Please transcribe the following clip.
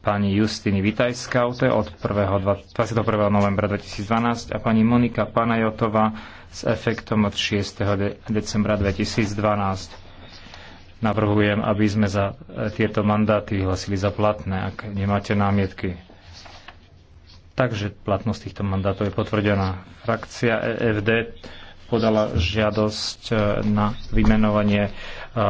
pani Justiny Vitajskaute od 1. 21. novembra 2012 a pani Monika Panajotova s efektom od 6. decembra 2012. Navrhujem, aby sme za e, tieto mandáty vyhlasili za platné, ak nemáte námietky. Takže platnosť týchto mandátov je potvrdená. Frakcia EFD podala žiadosť e, na vymenovanie e,